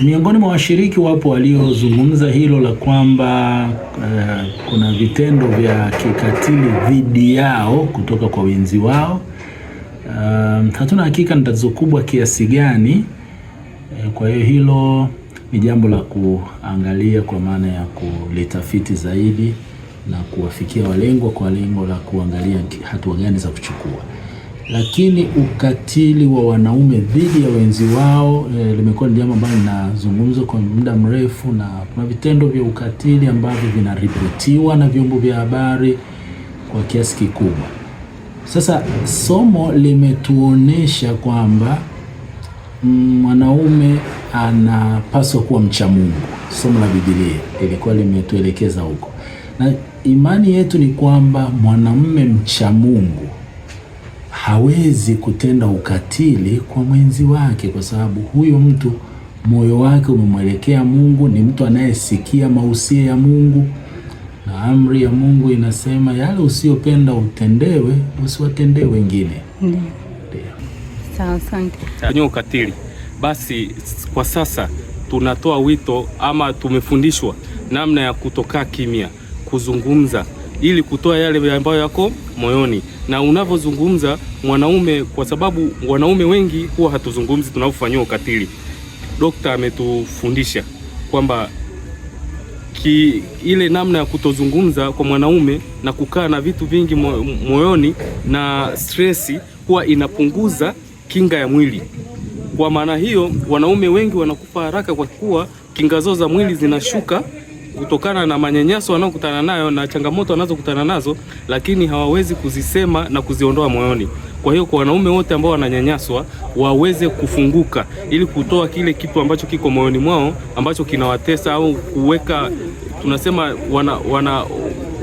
Miongoni mwa washiriki wapo waliozungumza hilo la kwamba uh, kuna vitendo vya kikatili dhidi yao kutoka kwa wenzi wao. Uh, hatuna hakika ni tatizo kubwa kiasi gani. Uh, kwa hiyo hilo ni jambo la kuangalia kwa maana ya kulitafiti zaidi na kuwafikia walengwa kwa lengo la kuangalia hatua gani za kuchukua. Lakini ukatili wa wanaume dhidi ya wenzi wao e, limekuwa ni jambo ambalo linazungumzwa kwa muda mrefu, na kuna vitendo vya ukatili ambavyo vinaripotiwa na vyombo vya habari kwa kiasi kikubwa. Sasa somo limetuonesha kwamba mm, mwanaume anapaswa kuwa mcha Mungu. Somo la Biblia lilikuwa limetuelekeza huko, na imani yetu ni kwamba mwanamume mcha Mungu hawezi kutenda ukatili kwa mwenzi wake, kwa sababu huyo mtu moyo wake umemwelekea Mungu, ni mtu anayesikia mausia ya Mungu na amri ya Mungu inasema yale usiyopenda utendewe usiwatendee wengine. Sawa, Kwenye ukatili basi, kwa sasa tunatoa wito ama tumefundishwa namna ya kutokaa kimya, kuzungumza ili kutoa yale ambayo yako moyoni. Na unavyozungumza mwanaume, kwa sababu wanaume wengi huwa hatuzungumzi tunaofanyiwa ukatili. Dokta ametufundisha kwamba ki, ile namna ya kutozungumza kwa mwanaume na kukaa na vitu vingi moyoni na stresi huwa inapunguza kinga ya mwili. Kwa maana hiyo wanaume wengi wanakufa haraka kwa kuwa kinga zao za mwili zinashuka kutokana na manyanyaso wanaokutana nayo na changamoto wanazokutana nazo, lakini hawawezi kuzisema na kuziondoa moyoni. Kwa hiyo kwa wanaume wote ambao wananyanyaswa waweze kufunguka ili kutoa kile kitu ambacho kiko moyoni mwao ambacho kinawatesa au kuweka tunasema wana, wana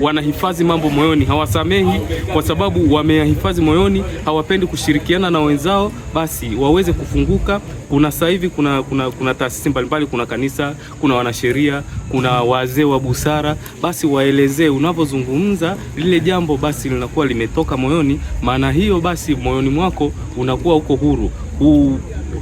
wanahifadhi mambo moyoni, hawasamehi kwa sababu wameyahifadhi moyoni, hawapendi kushirikiana na wenzao, basi waweze kufunguka. Kuna sasa hivi kuna, kuna, kuna taasisi mbalimbali, kuna kanisa, kuna wanasheria, kuna wazee wa busara, basi waelezee unavyozungumza lile jambo, basi linakuwa limetoka moyoni, maana hiyo basi moyoni mwako unakuwa uko huru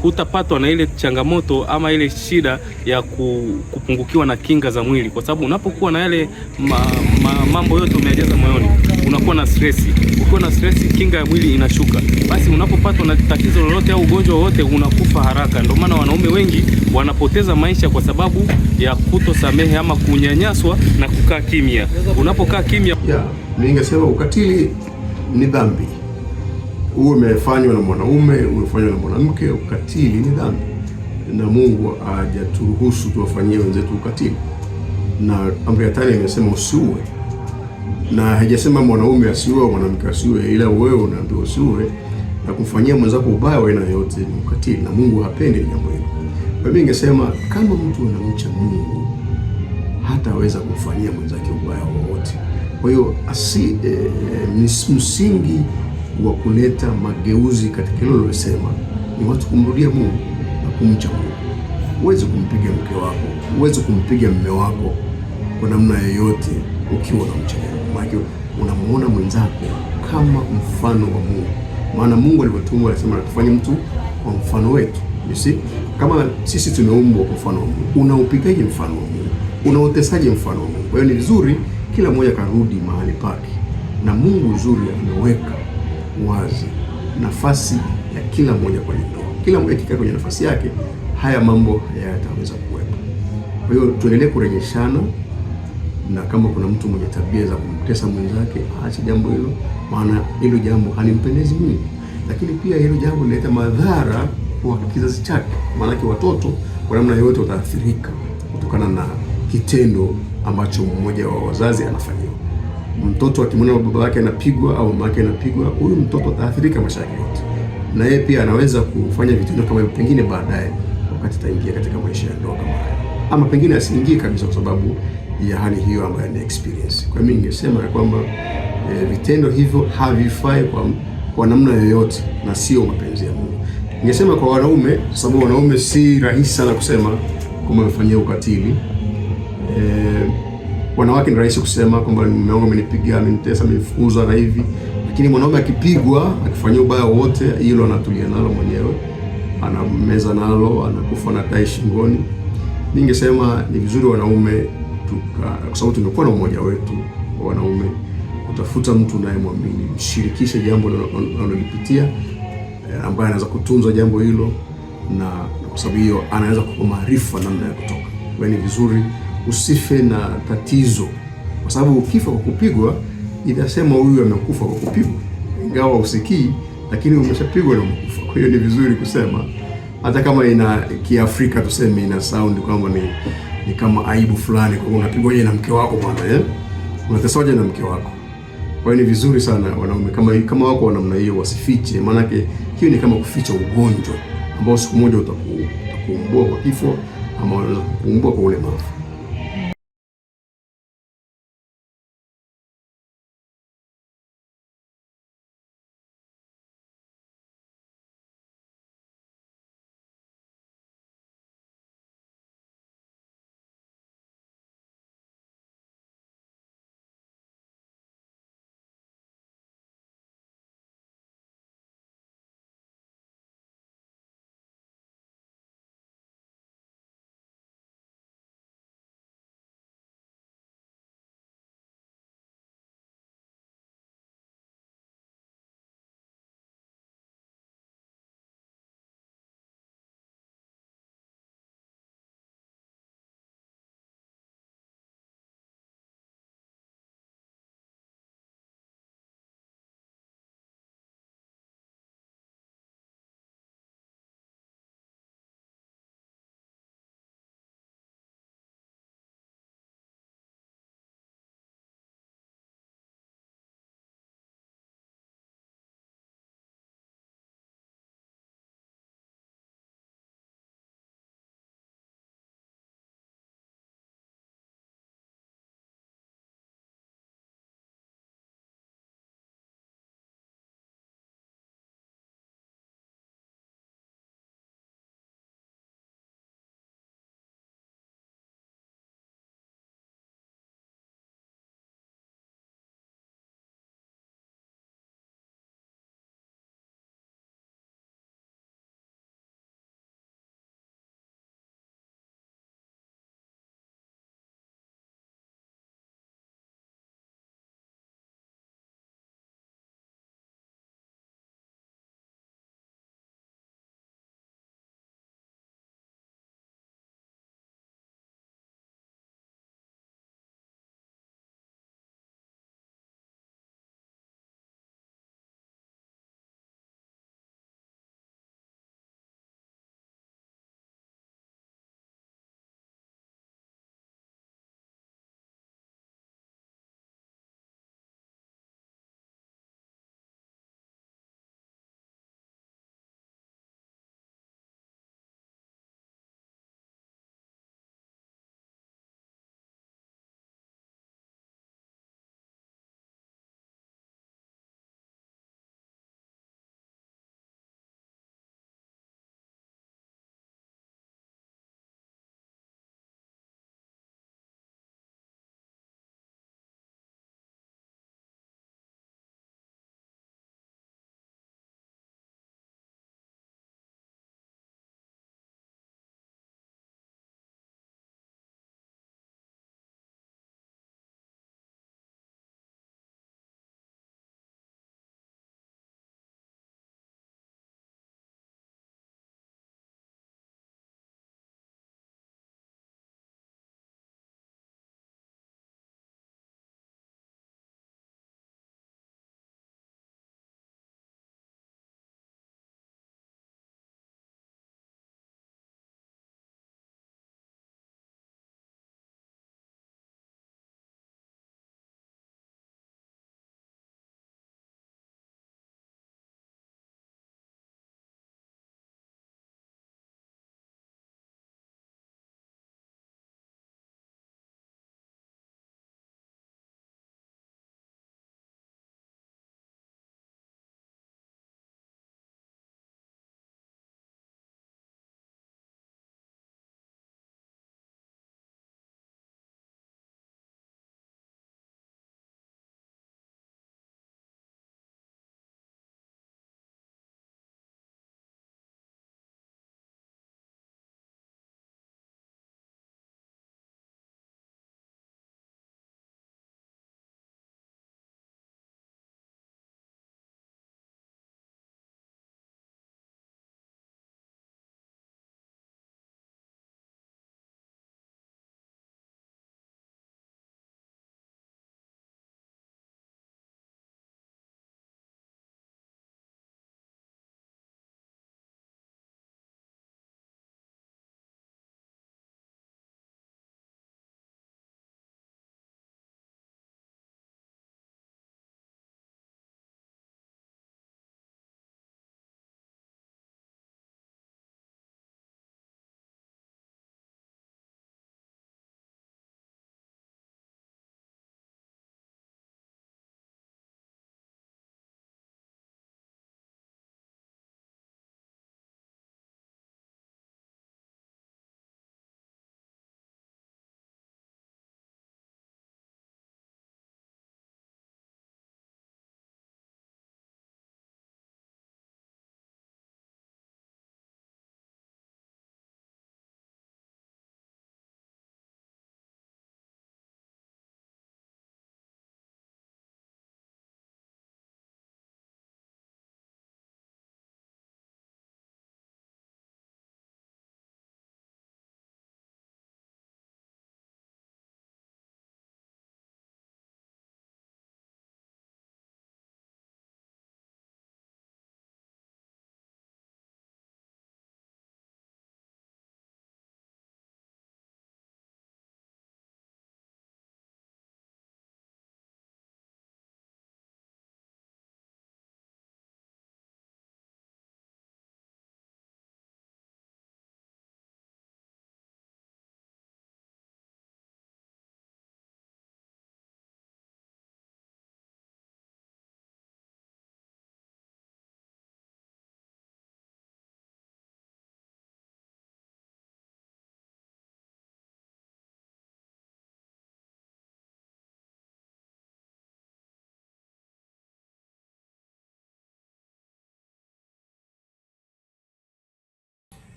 hutapatwa na ile changamoto ama ile shida ya kupungukiwa na kinga za mwili, kwa sababu unapokuwa na yale ma, ma, mambo yote umeajaza moyoni, unakuwa na stresi. Ukiwa na stresi, kinga ya mwili inashuka, basi unapopatwa na tatizo lolote au ugonjwa wowote unakufa haraka. Ndio maana wanaume wengi wanapoteza maisha kwa sababu ya kutosamehe ama kunyanyaswa na kukaa kimya. Unapokaa kimya, ningesema ukatili ni dhambi uwe umefanywa na mwanaume, umefanywa na mwanamke, ukatili ni dhambi, na Mungu hajaturuhusu tuwafanyie wenzetu ukatili. Na amri ya tano imesema usiue, na haijasema mwanaume asiue mwanamke asiue, ila wewe unaambiwa usiue, na kumfanyia mwenzako ubaya wa aina yoyote ni ukatili, na Mungu hapendi jambo hilo. Kwa mimi ningesema kama mtu anamcha Mungu hataweza kumfanyia mwenzake ubaya wowote. Kwa hiyo asi e, eh, eh, msingi wa kuleta mageuzi katika hilo lilosema ni watu kumrudia Mungu na kumcha Mungu. Huwezi kumpiga mke wako, huwezi kumpiga mme wako kwa namna yoyote ukiwa unamcha Mungu, maana unamuona mwenzako kama mfano wa Mungu. Maana Mungu alivyotumwa alisema tufanye mtu kwa mfano wetu. You see? Kama sisi tumeumbwa kwa mfano wa Mungu, unaupigaje mfano wa Mungu? Unaotesaje mfano wa Mungu? Kwa hiyo ni vizuri kila mmoja karudi mahali pake, na Mungu uzuri ameweka wazi nafasi ya kila mmoja kwenye ndoa. Kila mmoja akikaa kwenye nafasi yake, haya mambo hayataweza kuwepo. Kwa hiyo tuendelee kurejeshana, na kama kuna mtu mwenye tabia za kumtesa mwenzake aache jambo hilo, maana hilo jambo halimpendezi Mungu, lakini pia hilo jambo linaleta madhara kwa kizazi chake, maanake watoto kwa namna yoyote wataathirika kutokana na kitendo ambacho mmoja wa wazazi anafanya mtoto akimwona baba yake anapigwa au mama yake anapigwa, huyu mtoto ataathirika maisha yake yote, na yeye pia anaweza kufanya vitendo kama hivyo pengine baadaye, wakati ataingia katika maisha ya ndoa kama haya, ama pengine asiingie kabisa, kwa sababu ya hali hiyo ambayo ni experience. Kwa mimi ningesema ya kwamba e, vitendo hivyo havifai kwa, kwa namna yoyote na sio mapenzi ya Mungu. Ningesema kwa wanaume, kwa sababu wanaume si rahisi sana kusema kama wamefanyia ukatili e, wanawake ni rahisi kusema kwamba mume wangu amenipiga, amenitesa, amenifukuza na hivi, lakini mwanaume akipigwa, akifanyia ubaya wote, hilo anatulia nalo mwenyewe, anameza nalo, anakufa na tai shingoni. Ningesema ni vizuri wanaume, kwa sababu tumekuwa na umoja wetu wa wanaume, kutafuta mtu unayemwamini, mshirikishe jambo analolipitia, eh, ambaye anaweza kutunza jambo hilo, na kwa sababu hiyo anaweza kupa maarifa namna ya kutoka. Ni vizuri usife na tatizo, kwa sababu ukifa kwa kupigwa inasema huyu amekufa kwa kupigwa, ingawa usikii, lakini umeshapigwa na umekufa. Kwa hiyo ni vizuri kusema, hata kama ina Kiafrika tuseme ina sound kwamba ni, ni kama aibu fulani, kwa unapigwa unapigwaje na mke wako bwana eh? unatesaje na mke wako? Kwa hiyo ni vizuri sana wanaume kama kama wako wa namna hiyo wasifiche, maanake hiyo ni kama kuficha ugonjwa ambao siku moja utakuumbua kwa kifo ama unaweza kuumbua kwa ulemavu.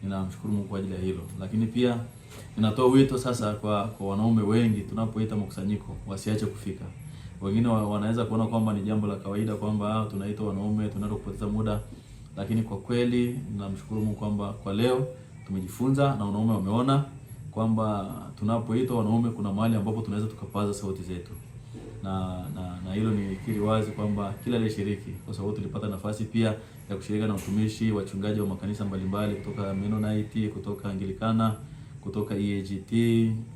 ninamshukuru Mungu kwa ajili ya hilo, lakini pia ninatoa wito sasa kwa kwa wanaume wengi, tunapoita mkusanyiko wasiache kufika. Wengine wa, wanaweza kuona kwamba ni jambo la kawaida kwamba ah, tunaita wanaume, tunaenda kupoteza muda, lakini kwa kweli ninamshukuru Mungu kwamba kwa leo tumejifunza na wanaume wameona kwamba tunapoitwa wanaume kuna mahali ambapo tunaweza tukapaza sauti zetu na na hilo nilikiri wazi kwamba kila aliyeshiriki, kwa sababu tulipata nafasi pia ya kushirika na utumishi wachungaji wa makanisa mbalimbali kutoka Mennonite, kutoka Anglikana, kutoka EAGT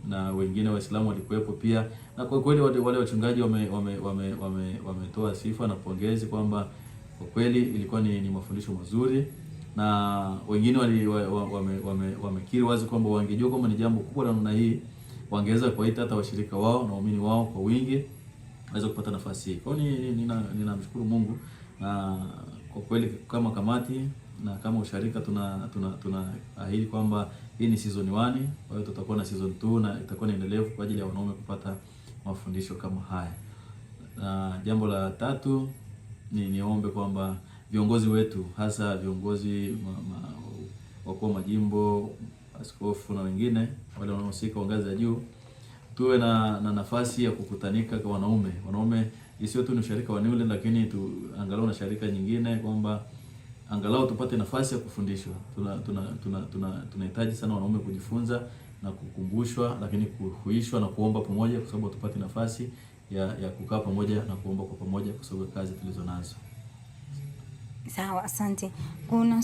na wengine Waislamu walikuwepo pia, na kwa kweli wale wachungaji wame wametoa wame, wame, wame sifa na pongezi kwamba kwa kweli ilikuwa ni, ni mafundisho mazuri na wengine wali wame, wame, wame wazi kwamba wangejua kwamba ni jambo kubwa la namna hii wangeweza kuwaita hata washirika wao na waumini wao kwa wingi aweze kupata nafasi hii. Kwa hiyo ninamshukuru nina Mungu na kwa kweli kama kamati na kama usharika tuna tunaahidi kwamba hii ni season 1, kwa hiyo tutakuwa na season 2 na itakuwa endelevu kwa ajili ya wanaume kupata mafundisho kama haya. Na jambo la tatu ni niombe kwamba viongozi wetu hasa viongozi wakuu wa majimbo, askofu na wengine wale wanaohusika wa ngazi ya juu tuwe na, na nafasi ya kukutanika kwa wanaume wanaume, isiyo tu ni usharika wa Newland, lakini tu angalau na sharika nyingine, kwamba angalau tupate nafasi ya kufundishwa. Tunahitaji tuna, tuna, tuna, tuna sana wanaume kujifunza na kukumbushwa, lakini kuhuishwa na kuomba pamoja, kwa sababu tupate nafasi ya, ya kukaa pamoja na kuomba kwa pamoja, kwa sababu kazi tulizo nazo. Sawa, asante. Kuna